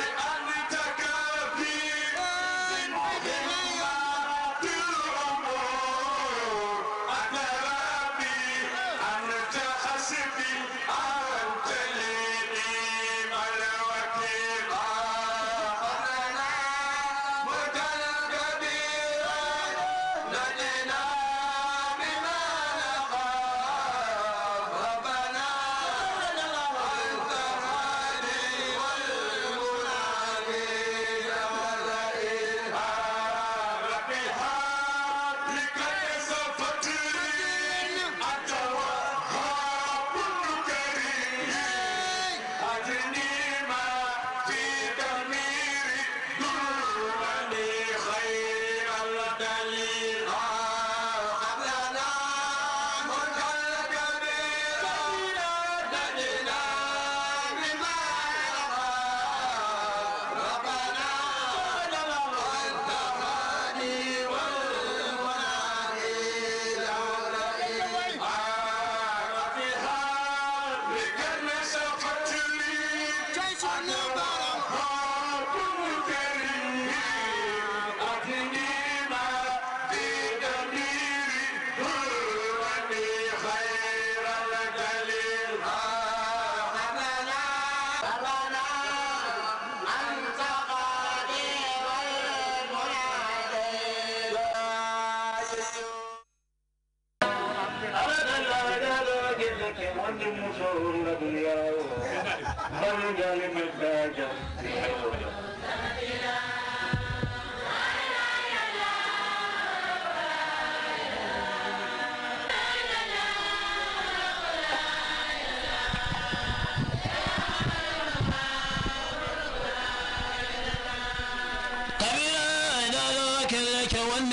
Yeah. مصور لهم يروا بل جالب الداجة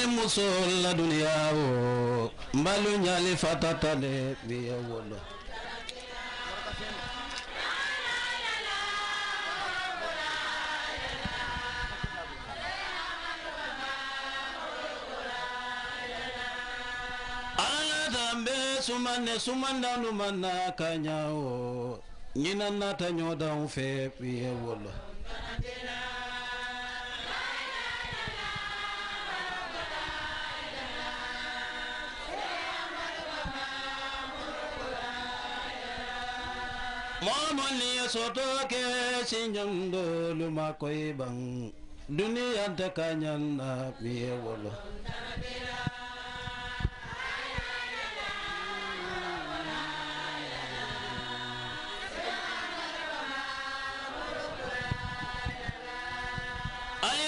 Musul la dunia o, malunya le fatata le biya wolo. sumane sumandanu manna kanyawo nyina nata nyoda ufe ye wolo momoli sotoke sinjando lumakoy bang duniya ta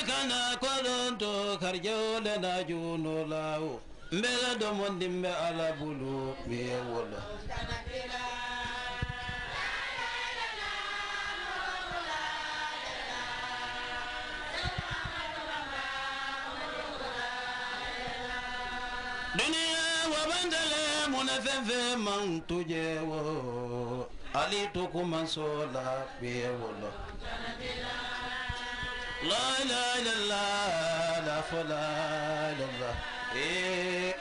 kana kolonto karjawle na juuno lawo mbele ɗo mon ndimɓe ala bulu miye wolo muna fɛnfɛn man tu jɛ wo hali to kuma so la kpe wolo. لا لا لا لا لا فلا لا إيه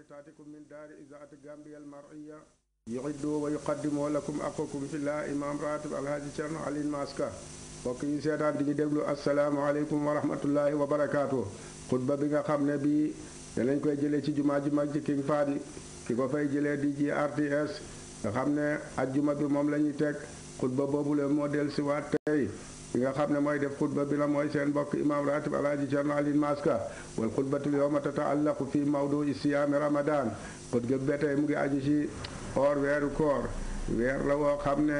تاتكم من دار إذاعة غامبيا المرئية يعد ويقدم لكم أخوكم في الله إمام راتب الهادي شرن علي الماسكا وكي سيدان دي دبلو السلام عليكم ورحمة الله وبركاته خطبة بيغا خام نبي يلن كوي جلي تي جمع جمع جي كين فادي كي كو فاي جلي دي جي ار تي اس خام نه اجمع بي موم لا ني تك خطبة بوبو لو موديل سي وات تاي bi nga xam ne mooy def xutba bi la mooy seen mbokk imam ratib alaaji cerno alin maska wal xutbatul yowma tataallaqu fi mawdui siyaami ramadan xutba bi tey mu ngi aju ci or weeru koor weer la woo xam ne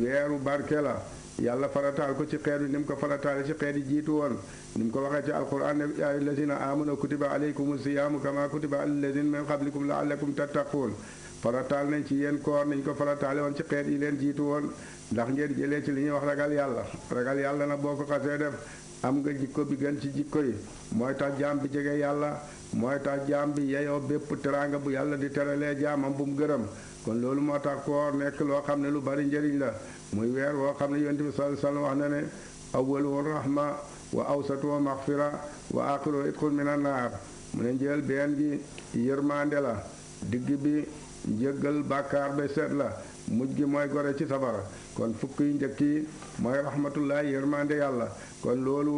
weeru barke la yàlla farataal ko ci xeet wi ni mu ko farataale ci xeet yi jiitu woon ni mu ko waxee ci alquran ne a alladina amanu kutiba alaykum siyaamu kama kutiba alladina min qablikum laallakum tattaquun farataal nañ ci yéen koor niñ ko farataale woon ci xeet yi leen jiitu woon ndax ngeen jëlee ci li ñuy wax ragal yàlla ragal yàlla na boo ko xasee def am nga jikko bi gën ci jikko yi mooy tax jaam bi jege yàlla mooy tax jaam bi yeyoo bépp teraanga bu yàlla di teralee jaamam bu mu gërëm kon loolu moo tax ko nekk loo xam ne lu bari njëriñ la muy weer woo xam ne yonent bi sallallahu alayhi wasallam wax na ne awwaluhu rahma wa awsatuhu maghfira wa axiruhu itqun min an naar mu ne njël benn gi yërmande la digg bi jéggal bàkkaar ba seet la mujj gi mooy gore ci sabara kon fukk yu njëkk yi mooy rahmatullahi yërmande yàlla kon loolu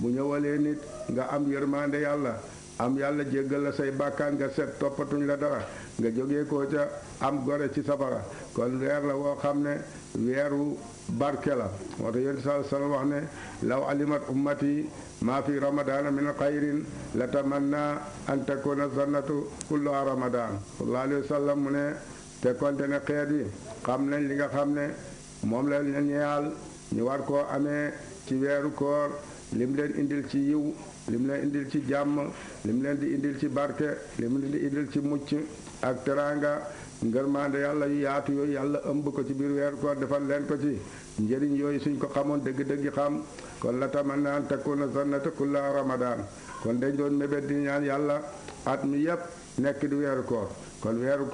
bu ñëwalee nit nga am yërmande yàlla am yàlla jéggal la say bàkkaan nga set toppatuñ la dara nga jógee ko ca am gore ci safara kon weer la woo xam ne weeru barke la moo tax yonent saa sallam wax ne law alimat ummati maa fi ramadana min xayrin la tamanna an takuna jannatu kulluha ramadan sallallahu alayhi wa sallam mu ne te konte ne xeet wi xam nañ li nga xam ne moom la ñeexal ñu war koo amee ci weeru koor lim leen indil ci yiw lim leen indil ci jàmm lim leen di indil ci barke lim leen di indil ci mucc ak teraanga ngërmaande yàlla yu yaatu yooyu yàlla ëmb ko ci biir weer koor defal leen ko ci njëriñ yooyu suñ ko xamoon dëgg-dëgg xam kon la tamannaan takuna sannata kulla ramadan kon dañ doon mébét di ñaan yàlla at mi yépp nekk di weeru koor kon weeru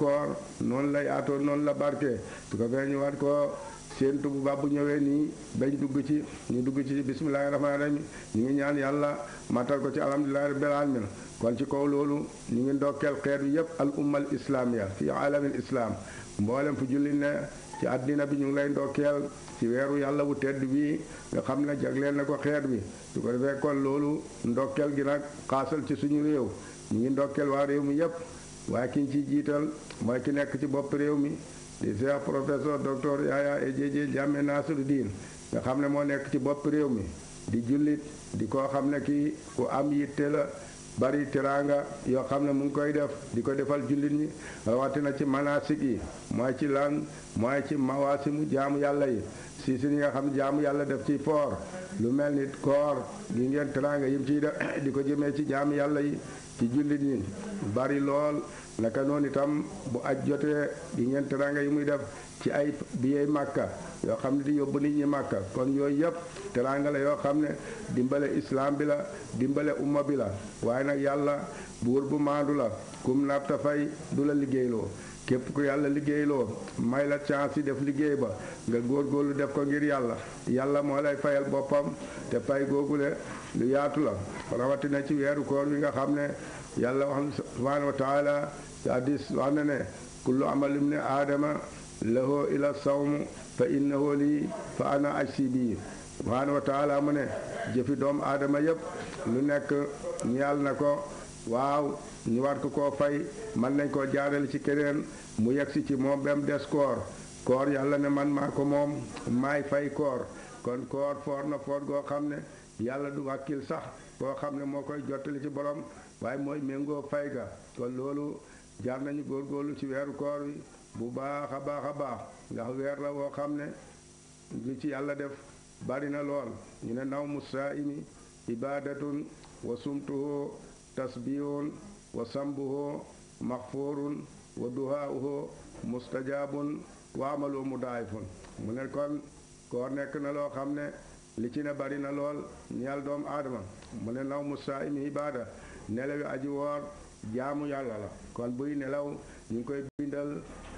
noonu la yaatoo noonu la barke su ko feeñu wat ko séentu bu baax bu ñëwee nii bañ dugg ci ñu dugg ci bisimilahi rahmaani rahim ñu ngi ñaan yàlla matal ko ci alhamdulilahi rabbil alamin kon ci kaw loolu ñu ngi ndokkeel xeet bi yépp al ummal islamiya fi alamil islam mboolem fu julli ne ci àddina bi ñu ngi lay ndokkeel ci weeru yàlla wu tedd bi nga xam ne jagleel na ko xeet bi su ko defee kon loolu ndokkeel gi nag xaasal ci suñu réew ñu ngi ndokkeel waa réew mi yépp waaye ki ñu ci jiital mooy ki nekk ci bopp réew mi di seex professeur docteur Yaya Ejeje Jammeh Nasruddin nga xam ne moo nekk ci bopp réew mi di jullit di koo xam ne kii ku am yitte la bari teraanga yoo xam ne mu ngi koy def di ko defal jullit ñi rawatina ci manasik yi mooy ci lan mooy ci mawasimu jaamu yàlla yi si si ñi nga xam jaamu yàlla def ci poor lu mel ni koor gi ngeen teraanga yim ciy def di ko jëmee ci jaamu yàlla yi ci jullit ñi bari lool naka noonu itam bu aj jotee gi ngeen teraanga yi muy def ci ay biyey màkka yoo xam ne di yóbbu nit ñi màkka kon yooyu yëpp teraanga la yoo xam ne dimbale islam bi la dimbale umma bi la waaye nag yàlla buur bu maandu la kum natta fay du la liggéeyloo képp ku yàlla liggéeyloo may la chance yi def liggéey ba nga góorgóorlu def ko ngir yàlla yàlla moo lay fayal boppam te pay googule lu yaatu la rawatina ci weeru koor wi nga xam ne yàlla wax subhaanahu wa taala ci hadis wax na ne kullu amalim ne aadama lahoo ila sawmu fa innahu lii fa ana ajsi bii subhaanahu wa taala mu ne jëfi doomu aadama yépp lu nekk ñeel na ko waaw ñu war ko koo fay man nañ koo jaarale ci keneen mu yegsi ci moom bem des koor koor yàlla na man maa ko moom maay fay koor kon koor foor na foor goo xam ne yàlla du wàkkil sax koo xam ne moo koy jottali ci borom waaye mooy méngoo fay ga kon loolu jaar nañu góorgóorlu ci weeru koor wi bu baax a baax a baax ndax weer la woo xam ne li ci yàlla def bari na lool ñu ne naw mu saa imi wa sumtuhu tasbihun wa sambuhu maxfurun wa duhaauhu mustajabun wa amalu mudaayifun mu ne kon koor nekk na loo xam ne li ci ne bari na lool ñeel doomu aadama mu ne naw mu saa imi ibaada nelawi aji woor jaamu yàlla la kon buy nelaw ñu ngi koy bindal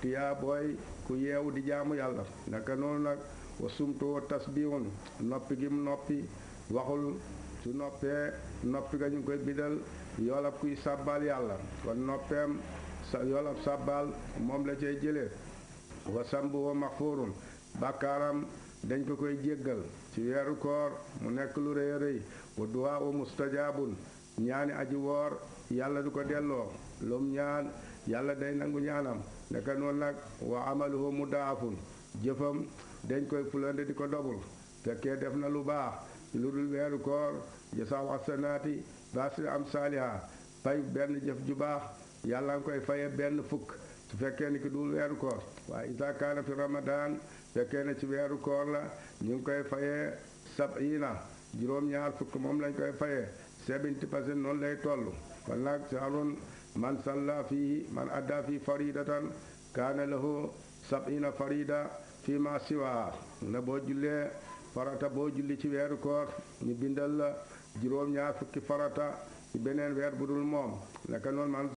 tiyaa booy ku yeewu di jaamu yàlla naka noonu nag wa sumtu tasbihun noppi gi mu noppi waxul su noppee noppi ga ñu koy bindal yoolab kuy sàbbaal yàlla kon noppeem sa yoolab sàbbaal moom la cay jëlee wa sambu wa maxfuurun bàkkaaram dañ ko koy jéggal ci weeru koor mu nekk lu rëy a rëy wa duwaa wa mustajaabun ñaani aji woor yàlla du ko delloo lum ñaan yàlla day nangu ñaanam naka noonu nag wa amaluhu mudaafun jëfam dañ koy fulande di ko dogul fekkee def na lu baax lu dul weeru koor jasaaw asanaati basri am saaliha fay benn jëf ju baax yàlla ngi koy faye benn fuk su fekkee ni ki dul weeru koor waaye isa kaana fi ramadan fekkee na ci weeru koor la ñu ngi koy fayee sabina juróom ñaar fukk moom lañ koy fayee sebinti pasen noonu lay toll kon nag saarun man salla fihi man adda fi faridatan kaana lahu sabina farida fii ma siwa la boo jullee farata boo julli ci weeru koor ñu bindal la juróom-ñaar fukki farata ci beneen weer bu dul moom naka noonu man